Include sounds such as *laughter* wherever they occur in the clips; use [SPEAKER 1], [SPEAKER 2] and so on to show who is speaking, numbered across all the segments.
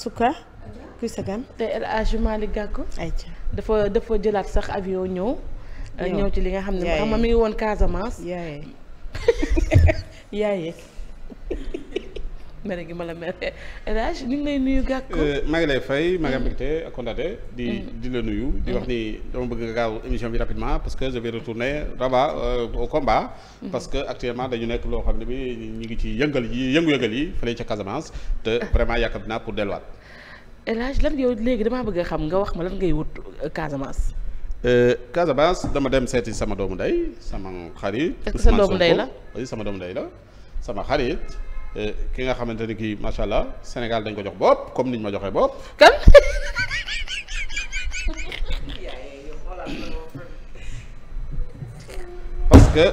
[SPEAKER 1] Souka. kuy sa gan. te El Hadj Malick Gakou. dafa dafa jëlaat sax avion ñëw. ñëw ci li nga xam ne. xam nga mi ngi woon Casamance. yaaye *laughs* yaaye. mere gi ma la mere El Hadj ñu ngi lay nuyu gàkku. Euh,
[SPEAKER 2] maa ngi lay fay maa ngi am mm. mbégte ak kontaate di mm. di la nuyu. di wax mm. ni dama bëgg gaaw émission bi rapidement parce que je vais retourner Rabat euh, au parce que actuellement dañu nekk loo xam ne bi ñu ngi ci yëngal yi yëngu-yëngal yi fële ca Casamance te *laughs* vraiment yàkkam naa pour delluwaat.
[SPEAKER 1] El Hadj lan yow léegi damaa bëgg a xam nga wax ma lan ngay wut euh, Casamance.
[SPEAKER 2] Casamance dama dem seeti sama doomu ndey sama xarit. Ousmane Sonko sama doomu ndey la. sama doomu ndey la sama xarit. Euh, ki nga xamante ni kii macha allah Sénégal dañ ko jox bopp comme niñ ma joxee bopp. kan. parce que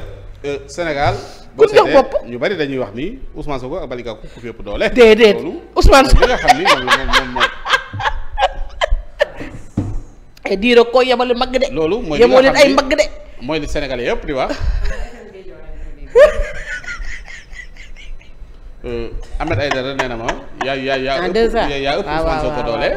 [SPEAKER 2] euh, Sénégal. boo seetee ñu bari dañuy wax ni Ousmane Sonko ak Balika ku fi ëpp doole. déedéet Ousmane Sonko nga xam ni moom moom moom.
[SPEAKER 1] Eh, diir ko yemale mag de. loolu mooy li nga xam yemoo leen ay mag de.
[SPEAKER 2] mooy li Sénégalais yëpp di wax. Euh, Ahmed Aïdara nee na ma. yaa yaa yaa ah, ëpp yaa ëpp ah, Ousmane Sonko doole.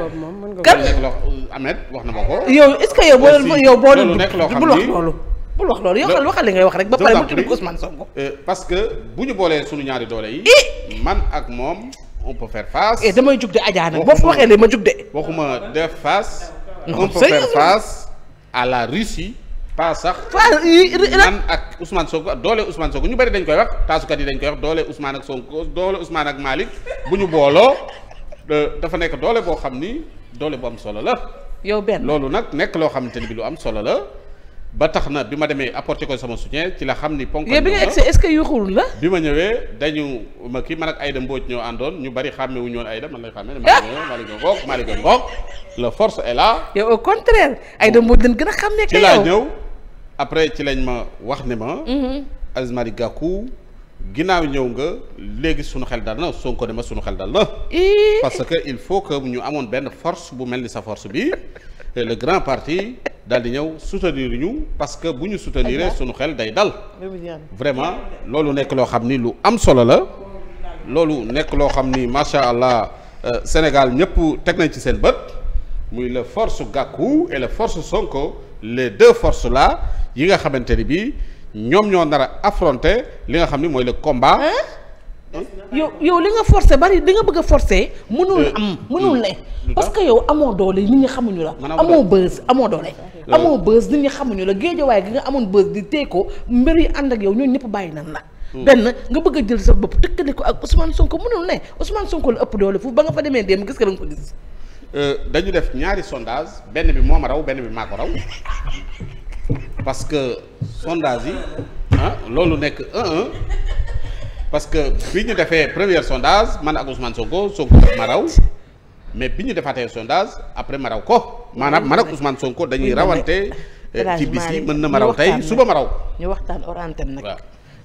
[SPEAKER 2] kan nekk loo euh, Ahmed wax na ma ko. yow est-ce que yow boo yow boo leen bul wax loolu. bul wax
[SPEAKER 1] loolu yow waxal li ngay wax rek ba pare mu tudd ko Ousmane
[SPEAKER 2] Sonko. Euh, parce que bu ñu boolee suñu ñaari doole yi. man ak moom on peut faire face.
[SPEAKER 1] et eh, damay jug de Adja
[SPEAKER 2] boo ko waxee léegi ma jug de. waxuma def face. on peut face à la Russie. paa sax. man ak Ousmane Sonko doole Ousmane Sonko ñu bari dañ koy wax taasukat yi dañ koy wax doole usmaan ak Sonko doole usmaan ak Malick bu ñu booloo dafa nekk doole boo xam ni doole bu am solo la. yow loolu nag nekk loo xamante ni bi lu am solo la. ba tax na bi ma demee apporté ko sama soutien ci la xam ni. ponk bi nga est-ce
[SPEAKER 1] que yuuxul la.
[SPEAKER 2] bi ma ñëwee dañu ma kii man ak Aïda Mbodj ñoo àndoon ñu bari xàmme wu ñu woon Aïda man lay xàmme ne Malick Ngok Malick Ngok la force est là. yow au contraire dañ gën a xàmmee ci laa ñëw après ci lañ ma wax ne ma. Mhm. Aziz Malick ginnaaw ñëw nga léegi sunu xel dal na Sonko ne ma sunu xel dal na. parce que il faut que ñu amoon benn force bu mel ni sa force bi le grand parti. daal di ñëw soutenir ñu parce que bu ñu soutenir suñu xel day dal vraiment loolu nekk loo xam ni lu am solo la loolu nekk loo xam ni macha allah euh, Sénégal ñëpp teg nañ ci seen bët muy la force Gakou et la force Sonko les deux forces la yi nga xamante ni bii ñoom ñoo nar a li nga xam ni mooy le combat.
[SPEAKER 1] yow yow li nga forcé bari di nga bëgg a forcé mënul euh, am hmm. mënul ne parce que yow amoo doole nit ñi xamuñu la amoo bës amoo doole euh. amoo bës nit ñi xamuñu la géejawaay gi nga amoon bës di tey ko mbër yi ànd ak yow ñooñu ñëpp bàyyi nan la hmm. benn nga bëgg jël sa bopp tëkkale ko ak Ousmane Sonko mënul ne Ousmane Sonko la ëpp doole foofu ba nga fa demee démb gis nga da nga
[SPEAKER 2] ko gis euh, dañu def ñaari sondage benn bi moo ma raw benn bi maa ko raw *laughs* parce que sondage yi ah loolu nekk parce que bi ñu defee premier sondage man ak Ousmane Sonko Sonko ma raw mais bi ñu defaatee sondage après ma raw ko maanaam man ak Ousmane Sonko dañuy rawante eh, ci bis yi mën na ma raw tey suba ma raw.
[SPEAKER 1] ñu waxtaan orantem nag.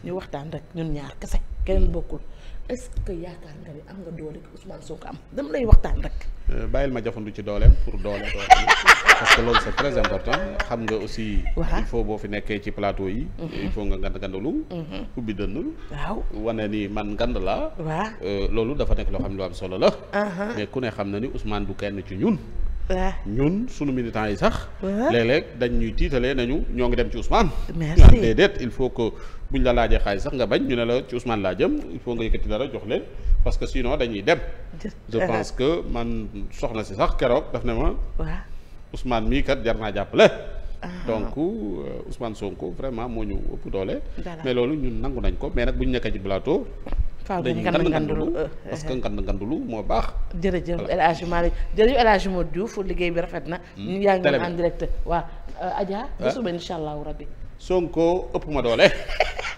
[SPEAKER 1] ñu waxtaan rek ñun ñaar kese keneen bokkul est-ce que yaakaar nga ni am nga doole Ousmane Sonko am dama lay waxtaan rek.
[SPEAKER 2] Euh, bàyyil ma jafandu ci dooleem pour doole doole parce que loolu c'est très important xam nga aussi. il faut boo fi nekkee ci plateau yi. Mhm. il faut nga ngand ngandalu. Mhm. ubbi dënn. waaw wane ni man ngand laa. Euh, loolu dafa nekk loo xam ne lu am solo la. Uh-huh. mais ku ne xam na ni Ousmane du kenn ci ñun. ñun sunu militants yi sax. léeg-léeg dañ ñuy tiitalee nañu ñoo ngi dem ci Ousmane.
[SPEAKER 1] merci déedéet
[SPEAKER 2] il faut que buñ la laajee xaalis sax nga bañ ñu ne la ci Ousmane laa jëm il faut nga yëkkati dara jox leen parce que sinon dañuy dem. je pense que man soxna si sax keroog daf ne ma. Ousmane mii kat jar naa jàppale. Ah. donc euh, Ousmane Sonko vraiment moo ñu ëpp doole. mais loolu ñun nangu nañ ko mais nag bu ñu nekkee ci plateau. dañuy ngand ngandulu euh, parce que ngand euh. ngandulu moo baax
[SPEAKER 1] jërëjëf El Hadj Malick jërëjëf El Hadj liggéey bi rafet na hmm. ñu yaa ngi en direct waa euh, Adja ah. ba suba insha allahu rabbi
[SPEAKER 2] Sonko ëpp ma doole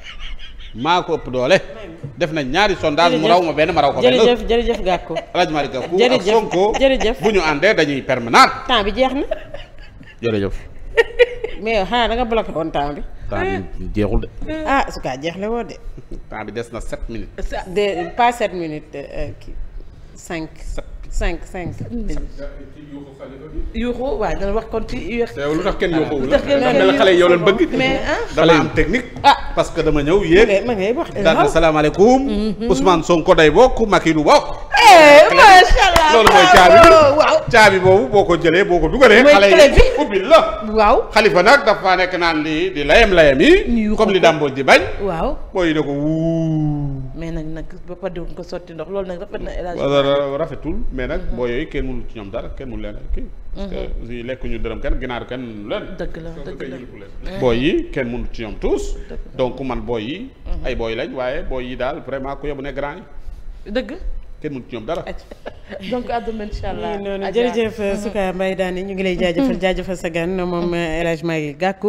[SPEAKER 2] *laughs* maa ko ëpp doole def na ñaari sondage mu raw ma benn ma raw ko benn jërëjëf
[SPEAKER 1] jërëjëf Gakou *laughs* El
[SPEAKER 2] Hadj jërëjëf bu ñu àndee dañuy permanent temps bi jeex na jërëjëf
[SPEAKER 1] *laughs* mais xanaa ah, da nga bloqué woon temps bi
[SPEAKER 2] temps bi eh. jeexul de. Eh. ah
[SPEAKER 1] su kaa jeexle woo de.
[SPEAKER 2] *laughs* temps bi des na sept minutes.
[SPEAKER 1] de pas set minutes euh, kii. cinq cinq cinq.
[SPEAKER 2] yuuxu waaw
[SPEAKER 1] dana wax kon ci
[SPEAKER 2] UR. lu tax kenn yuuxu lu tax kenn xale yow leen bëgg. mais xale ah. am technique. ah parce que dama ñëw yéen. ma ngay wax daan na salaamaaleykum. Mhm. Ousmane Sonko day bokk Macky du bokk. Eh, macha allah loolu mooy caabi waaw caabi boobu boo ko jëlee boo ko dugalee. xale yi ubbi la. waaw xalifa nag dafa nekk naan li di layam layam yi. comme li Dame di bañ. waaw booy ne ko wuuu.
[SPEAKER 1] mais nag nag ba pare di ko sotti ndox loolu nag rafet na élage rafetul
[SPEAKER 2] mais nag mhm. boo yooyu kenn mënu ci ñoom dara kenn mënu leen mhm. lekk ñu dërëm kenn ginaar kenn mënu dëgg la dëgg la mhm. booy yi kenn mënu ci ñoom tous donc man booy yi ay booy lañ waaye booy yi daal vraiment ku yebu ne grand yi dëgg kenn mënu ci ñoom dara
[SPEAKER 1] *laughs* donc àdduna incha allah noonu jërëjëf Soukaya Mbaye Dany ñu ngi lay jaajëfal jaajëfal sa gan moom El Hadj Maguette